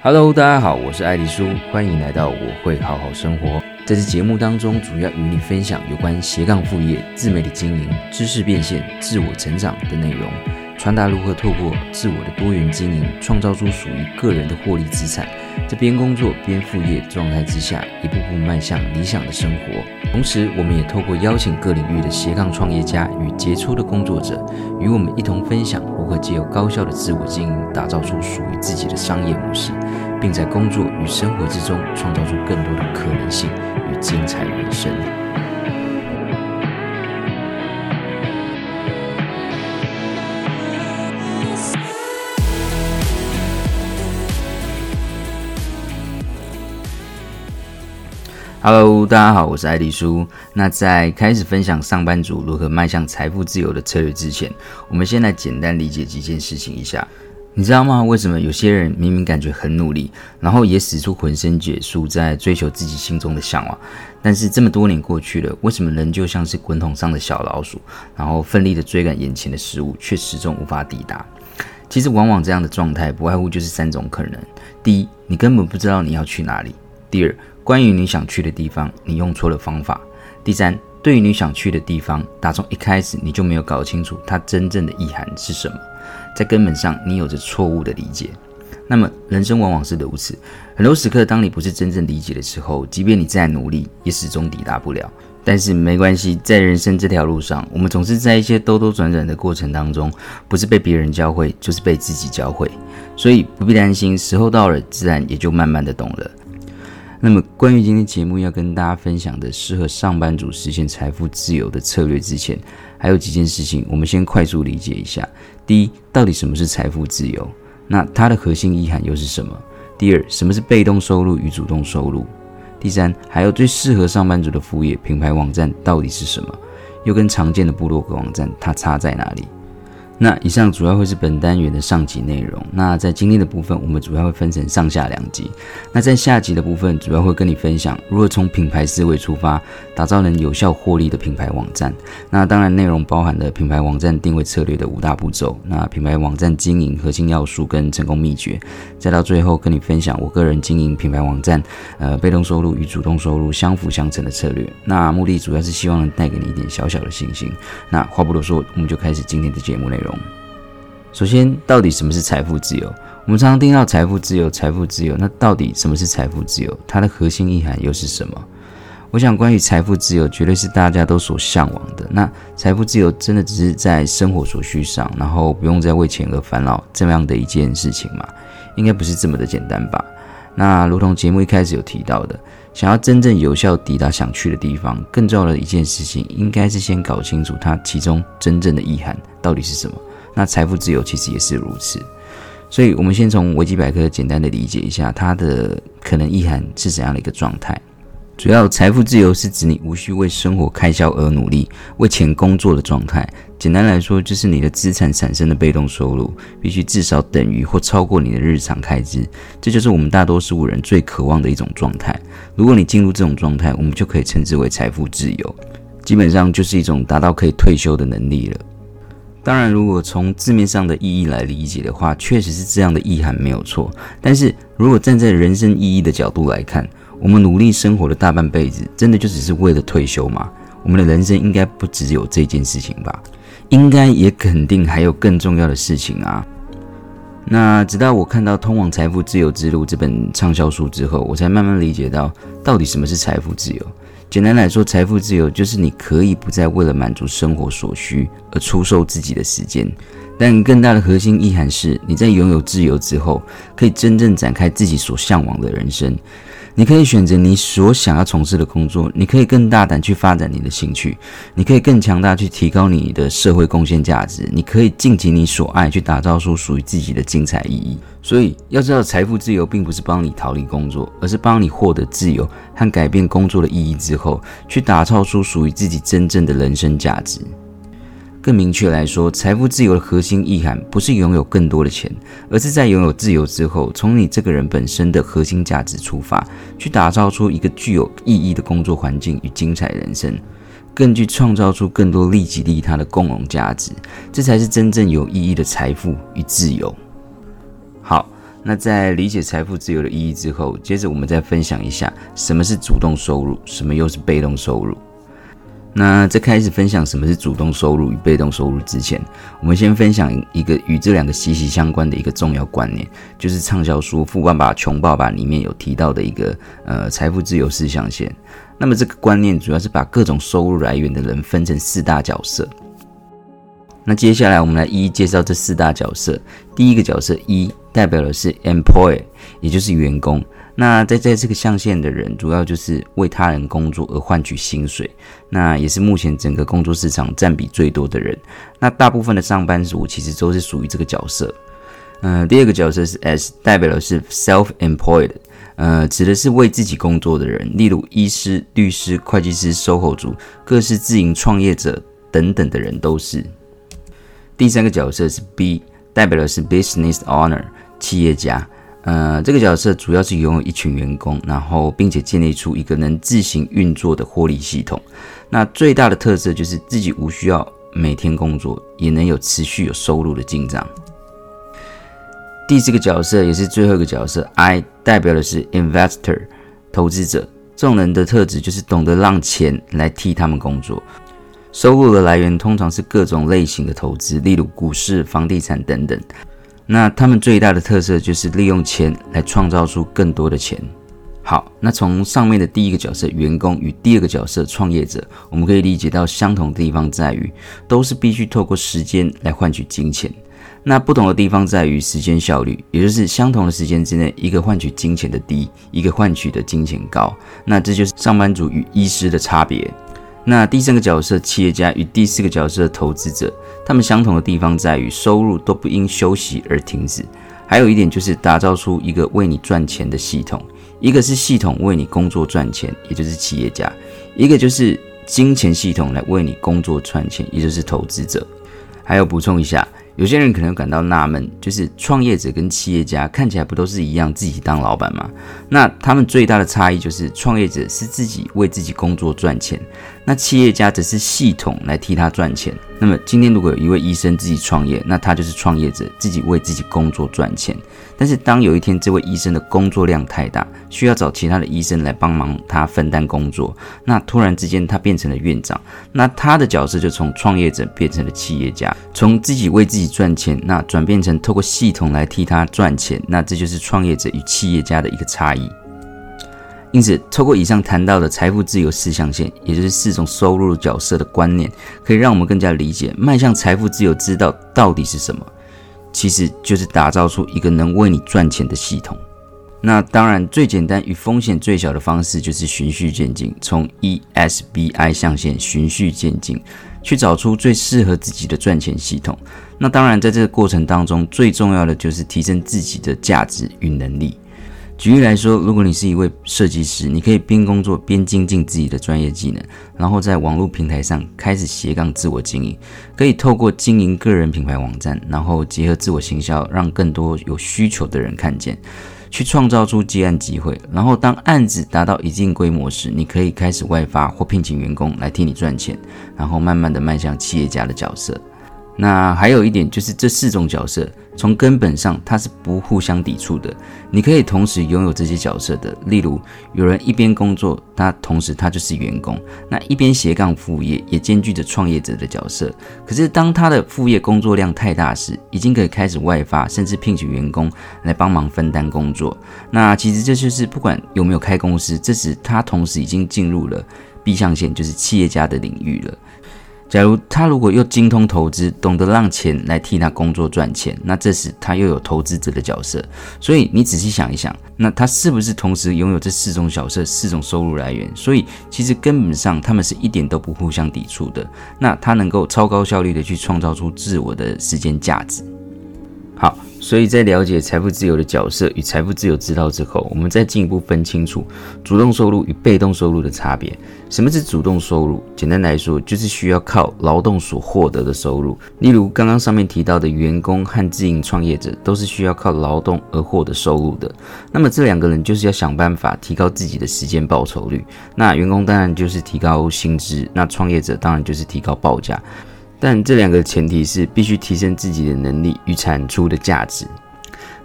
Hello，大家好，我是愛麗舒，歡迎來到我會好好生活。在這節目當中，主要與你分享有關斜槓副業、自媒體經營、知識變現、自我成長的內容，傳達如何透過自我的多元經營，創造出屬於個人的獲利資產。在邊工作邊副業狀態之下，一步步邁向理想的生活。同時，我們也透過邀請各領域的斜槓創業家與傑出的工作者，與我們一同分享如何借由高效的自我經營，打造出屬於自己的商業模式，並在工作與生活之中創造出更多的可能性與精彩人生。Hello，大家好，我是艾莉舒。那在開始分享上班族如何邁向財富自由的策略之前，我們先來簡單理解幾件事情一下。你知道嗎？為什麼有些人明明感覺很努力，然後也使出渾身解數在追求自己心中的嚮往，但是這麼多年過去了，為什麼人就像是滾筒上的小老鼠，然後奮力地追趕眼前的食物，卻始終無法抵達？其實，往往這樣的狀態不外乎就是三種可能：第一，你根本不知道你要去哪裡；第二，關於你想去的地方，你用錯了方法。第三，對於你想去的地方，打從一開始你就沒有搞清楚它真正的意涵是什麼，在根本上你有着錯誤的理解。那麼，人生往往是如此，很多時刻當你不是真正理解的時候，即便你再努力，也始終抵達不了。但是沒關係，在人生這條路上，我們總是在一些兜兜轉轉的過程當中，不是被別人教會，就是被自己教會，所以不必擔心，時候到了，自然也就慢慢的懂了。那麼，關於今天節目要跟大家分享的適合上班族實現財富自由的策略，之前還有幾件事情，我們先快速理解一下：第一，到底什麼是財富自由？那它的核心意涵又是什麼？第二，什麼是被動收入與主動收入？第三，還有最適合上班族的副業品牌網站到底是什麼？又跟常見的部落格網站它差在哪裡？那以上主要會是本單元的上集內容。那在今天的部分，我們主要會分成上下兩集。那在下集的部分，主要會跟你分享，如何從品牌思維出發，打造能有效獲利的品牌網站。那當然內容包含了品牌網站定位策略的五大步驟，那品牌網站經營核心要素跟成功秘訣，再到最後跟你分享我個人經營品牌網站，呃，被動收入與主動收入相輔相成的策略。那目的主要是希望能帶給你一點小小的信心。那話不多說，我們就開始今天的節目內容。首先，到底什麼是財富自由？我們常常聽到財富自由、財富自由。那到底什麼是財富自由？它的核心意涵又是什麼？我想，關於財富自由，絕對是大家都所向往的。那財富自由真的只是在生活所需上，然後不用再為錢而煩惱，這樣的一件事情嘛，應該不是這麼的簡單吧？那如同節目一開始有提到的。想要真正有效抵達想去的地方，更重要的一件事情，應該是先搞清楚它其中真正的意涵到底是什麼。那財富自由其實也是如此，所以我們先從維基百科簡單的理解一下它的可能意涵是怎樣的一個狀態。主要財富自由是指你無需為生活開銷而努力，為錢工作的狀態。簡單來說，就是你的資產產生的被動收入必須至少等於或超過你的日常開支。這就是我們大多數人最渴望的一種狀態。如果你進入這種狀態，我們就可以稱之為財富自由。基本上就是一種達到可以退休的能力了。當然，如果從字面上的意義來理解的話，確實是這樣的意涵沒有錯。但是如果站在人生意義的角度來看，我們努力生活的大半輩子，真的就只是為了退休嗎？我們的人生應該不只有這件事情吧？應該也肯定還有更重要的事情啊！那直到我看到《通往財富自由之路》這本暢銷書之後，我才慢慢理解到，到底什麼是財富自由？簡單來說，財富自由就是你可以不再為了滿足生活所需而出售自己的時間。但更大的核心意涵是，你在擁有自由之後，可以真正展開自己所嚮往的人生。你可以選擇你所想要從事的工作，你可以更大膽去發展你的興趣，你可以更強大去提高你的社會貢獻價值，你可以盡情你所愛去打造出屬於自己的精彩意義。所以，要知道財富自由並不是幫你逃離工作，而是幫你獲得自由和改變工作的意義之後，去打造出屬於自己真正的人生價值。更明確來說，財富自由的核心意涵不是擁有更多的錢，而是在擁有自由之後，從你這個人本身的核心價值出發，去打造出一個具有意義的工作環境與精彩人生，更去創造出更多利己利他的共榮價值，這才是真正有意義的財富與自由。好，那在理解財富自由的意義之後，接着我們再分享一下，什麼是主動收入，什麼又是被動收入。那在開始分享什麼是主動收入與被動收入之前，我們先分享一個與這兩個息息相關的一個重要觀念，就是暢銷書《富爸爸窮爸爸》裡面有提到的一個呃財富自由四象限。那麼這個觀念主要是把各種收入來源的人分成四大角色，那接下來我們來一一介紹這四大角色。第一個角色一、e、代表的是 employee，也就是員工。那在在這個象限的人，主要就是為他人工作而換取薪水，那也是目前整個工作市場佔比最多的人。那大部分的上班族其實都是屬於這個角色。嗯、呃，第二個角色是 S，代表的是 self-employed，呃，指的是為自己工作的人，例如醫師、律師、會計師、SOHO 族、各式自營創業者等等的人都是。第三個角色是 B，代表的是 business owner，企業家。呃，這個角色主要是擁有一群員工，然後並且建立出一個能自行運作的獲利系統。那最大的特色就是自己無需要每天工作，也能有持續有收入的進賬。第四個角色也是最後一個角色，I 代表的是 investor 投資者。這種人的特質就是懂得讓錢來替他們工作，收入的來源通常是各種類型的投資，例如股市、房地產等等。那他們最大的特色就是利用錢來創造出更多的錢。好，那從上面的第一個角色員工與第二個角色創業者，我們可以理解到相同的地方在於都是必須透過時間來換取金錢。那不同的地方在於時間效率，也就是相同的時間之內，一個換取金錢的低，一個換取的金錢高。那這就是上班族與醫師的差別。那第三個角色，企業家與第四個角色投資者，他們相同的地方在於收入都不因休息而停止。還有一點就是打造出一個為你賺錢的系統，一個是系統為你工作賺錢，也就是企業家；一個就是金錢系統來為你工作賺錢，也就是投資者。還有補充一下。有些人可能感到納悶，就是創業者跟企業家看起來不都是一樣，自己當老闆嗎？那他們最大的差異就是，創業者是自己為自己工作賺錢，那企業家則是系統來替他賺錢。那麼今天如果有一位醫生自己創業，那他就是創業者，自己為自己工作賺錢。但是當有一天這位醫生的工作量太大，需要找其他的醫生來幫忙他分擔工作，那突然之間他變成了院長，那他的角色就從創業者變成了企業家，從自己為自己賺錢，那轉變成透過系統來替他賺錢，那這就是創業者與企業家的一個差異。因此，透過以上談到的財富自由四象限，也就是四種收入角色的觀念，可以讓我們更加理解邁向財富自由之道到底是什麼。其實就是打造出一個能為你賺錢的系統。那當然，最簡單與風險最小的方式就是循序漸進，從 ESBI 象限循序漸進去找出最適合自己的賺錢系統。那當然，在這個過程當中，最重要的就是提升自己的價值與能力。舉例來說，如果你是一位設計師，你可以邊工作邊精進自己的專業技能，然後在網絡平台上開始斜槓自我經營，可以透過經營個人品牌網站，然後結合自我行銷，讓更多有需求的人看見，去創造出接案機會。然後當案子達到一定規模時，你可以開始外發或聘請員工來替你賺錢，然後慢慢地邁向企業家的角色。那還有一點就是，這四種角色從根本上它是不互相抵觸的，你可以同時擁有這些角色的。例如，有人一邊工作，他同時他就是員工，那一邊斜槓副業也兼具着創業者的角色。可是當他的副業工作量太大時，已經可以開始外發，甚至聘請員工來幫忙分擔工作。那其實這就是不管有沒有開公司，這時他同時已經進入了 B 象限，就是企業家的領域了。假如他如果又精通投資，懂得讓錢來替他工作賺錢，那這時他又有投資者的角色。所以你仔細想一想，那他是不是同時擁有這四種角色、四種收入來源？所以其實根本上他們是一點都不互相抵觸的。那他能夠超高效率的去創造出自我的時間價值。好，所以在了解財富自由的角色與財富自由之道之後，我們再進一步分清楚主動收入與被動收入的差別。什麼是主動收入？簡單來說，就是需要靠勞動所獲得的收入。例如，剛剛上面提到的員工和自營創業者，都是需要靠勞動而獲得收入的。那麼，這兩個人就是要想辦法提高自己的時間報酬率。那員工當然就是提高薪資，那創業者當然就是提高報價。但這兩個前提是必須提升自己的能力與產出的價值。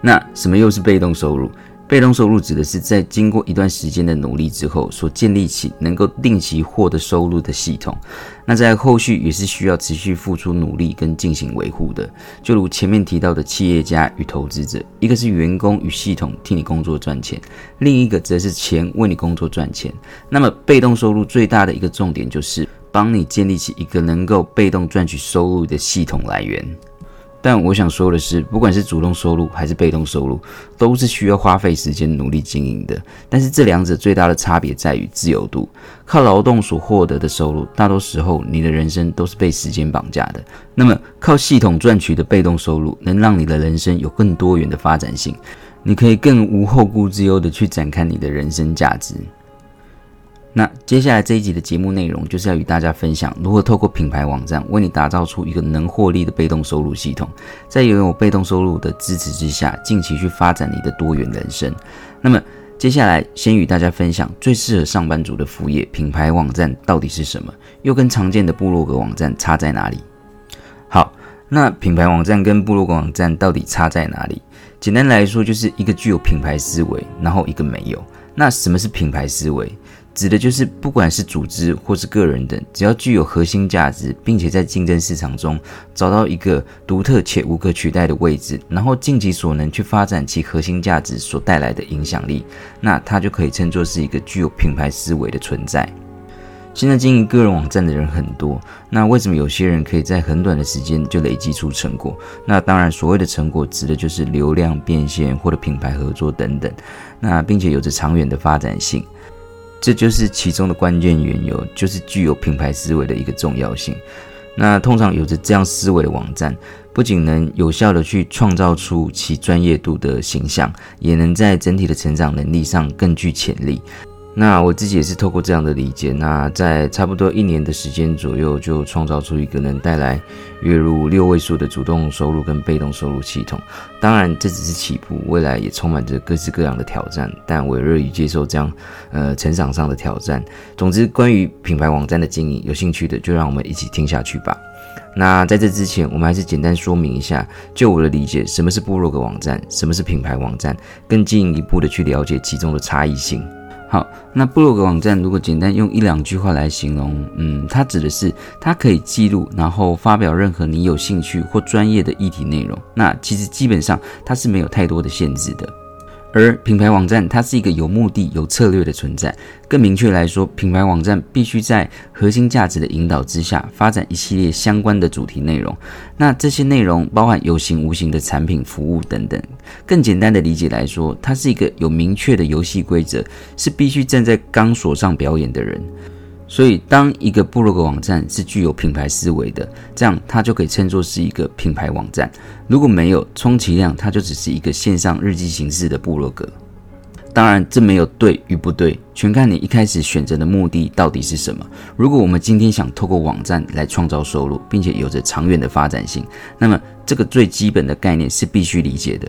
那什麼又是被動收入？被動收入指的是在經過一段時間的努力之後，所建立起能夠定期獲得收入的系統。那在後續也是需要持續付出努力跟進行維護的。就如前面提到的企業家與投資者，一個是員工與系統替你工作賺錢，另一個則是錢為你工作賺錢。那麼被動收入最大的一個重點就是。幫你建立起一個能夠被動賺取收入的系統來源，但我想說的是，不管是主動收入還是被動收入，都是需要花費時間努力經營的。但是這兩者最大的差別在於自由度。靠勞動所獲得的收入，大多時候你的人生都是被時間綁架的。那麼靠系統賺取的被動收入，能讓你的人生有更多元的發展性，你可以更無後顧之憂地去展開你的人生價值。那接下來這一集的節目內容就是要與大家分享，如何透過品牌網站為你打造出一個能獲利的被動收入系統，在擁有被動收入的支持之下，盡情去發展你的多元人生。那麼接下來先與大家分享，最適合上班族的副業品牌網站到底是什麼，又跟常見的部落格網站差在哪裡？好，那品牌網站跟部落格網站到底差在哪裡？簡單來說，就是一個具有品牌思維，然後一個沒有。那什麼是品牌思維？指的就是，不管是組織或是個人等，只要具有核心價值，並且在競爭市場中找到一個獨特且無可取代的位置，然後盡其所能去發展其核心價值所帶來的影響力，那它就可以稱作是一個具有品牌思維的存在。現在經營個人網站的人很多，那為什麼有些人可以在很短的時間就累積出成果？那當然，所謂的成果指的就是流量變現或者品牌合作等等，那並且有着長遠的發展性。這就是其中的關鍵緣由，就是具有品牌思維的一個重要性。那通常有着這樣思維的網站，不僅能有效地去創造出其專業度的形象，也能在整體的成長能力上更具潛力。那我自己也是透過這樣的理解，那在差不多一年的時間左右，就創造出一個能帶來月入六位數的主動收入跟被動收入系統。當然，這只是起步，未來也充滿着各式各樣的挑戰，但我也樂於接受這樣呃成長上的挑戰。總之，關於品牌網站的經營，有興趣的就讓我們一起聽下去吧。那在這之前，我們還是簡單說明一下，就我的理解，什麼是部落格網站，什麼是品牌網站，更進一步的去了解其中的差異性。好，那部落格網站如果簡單用一兩句話來形容，嗯，它指的是它可以記錄，然後發表任何你有興趣或專業的議題內容，那其實基本上它是沒有太多的限制的。而品牌網站，它是一個有目的、有策略的存在。更明確來說，品牌網站必須在核心價值的引導之下，發展一系列相關的主題內容。那這些內容包含有形、無形的產品、服務等等。更簡單的理解來說，它是一個有明確的遊戲規則，是必須站在鋼索上表演的人。所以，當一個部落格網站是具有品牌思維的，這樣它就可以稱作是一個品牌網站。如果沒有，充其量它就只是一個線上日記形式的部落格。當然，這沒有對與不對，全看你一開始選擇的目的到底是什麼。如果我們今天想透過網站來創造收入，並且有着長遠的發展性，那麼這個最基本的概念是必須理解的。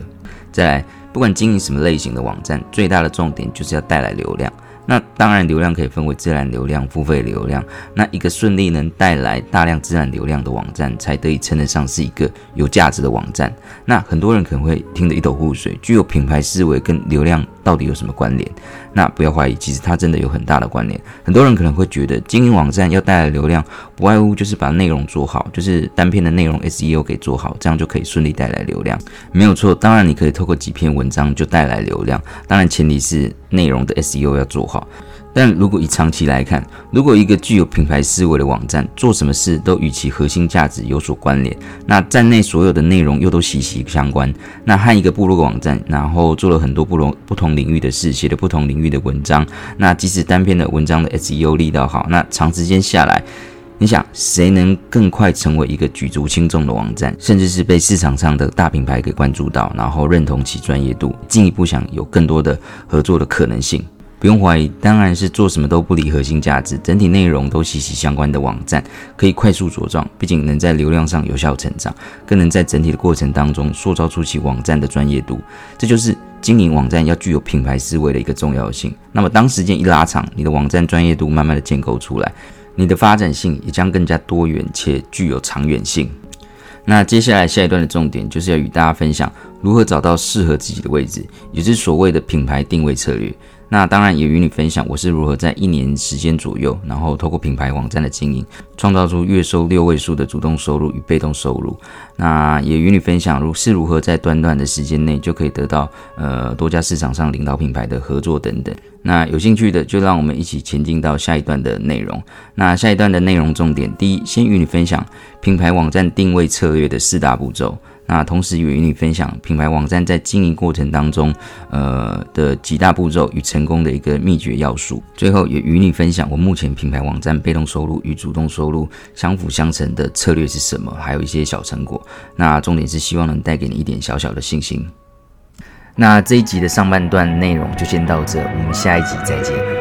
再來，不管經營什麼類型的網站，最大的重點就是要帶來流量。那當然，流量可以分為自然流量、付費流量。那一個順利能帶來大量自然流量的網站，才得以稱得上是一個有價值的網站。那很多人可能會聽得一頭霧水，具有品牌思維跟流量。到底有什麼關聯？那不要懷疑，其實它真的有很大的關聯。很多人可能會覺得，經營網站要帶來流量，不外乎就是把內容做好，就是單篇的內容 SEO 給做好，這樣就可以順利帶來流量。沒有錯，當然你可以透過幾篇文章就帶來流量，當然前提是內容的 SEO 要做好。但如果以長期來看，如果一個具有品牌思維的網站做什麼事都與其核心價值有所關聯，那站內所有的內容又都息息相關。那和一個部落的網站，然後做了很多不同領域的事，寫了不同領域的文章。那即使單篇的文章的 SEO 力道好，那長時間下來，你想誰能更快成為一個舉足輕重的網站，甚至是被市場上的大品牌給關注到，然後認同其專業度，進一步想有更多的合作的可能性？不用懷疑，當然是做什麼都不離核心價值，整體內容都息息相關的網站，可以快速茁壯。畢竟能在流量上有效成長，更能在整體的過程當中塑造出其網站的專業度。這就是經營網站要具有品牌思維的一個重要性。那麼，當時間一拉長，你的網站專業度慢慢地建構出來，你的發展性也將更加多元且具有長遠性。那接下來下一段的重點就是要與大家分享如何找到適合自己的位置，也就是所謂的品牌定位策略。那當然也與你分享，我是如何在一年時間左右，然後透過品牌網站的經營，創造出月收六位數的主動收入與被動收入。那也與你分享，如是如何在短短的時間內就可以得到，呃，多家市場上領導品牌的合作等等。那有興趣的，就讓我們一起前進到下一段的內容。那下一段的內容重點，第一，先與你分享品牌網站定位策略的四大步驟。那同時也與你分享品牌網站在經營過程當中，呃的幾大步驟與成功的一個秘訣要素。最後也與你分享我目前品牌網站被動收入與主動收入相輔相成的策略是什麼，還有一些小成果。那重點是希望能帶給你一點小小的信心。那這一集的上半段內容就先到這，我們下一集再見。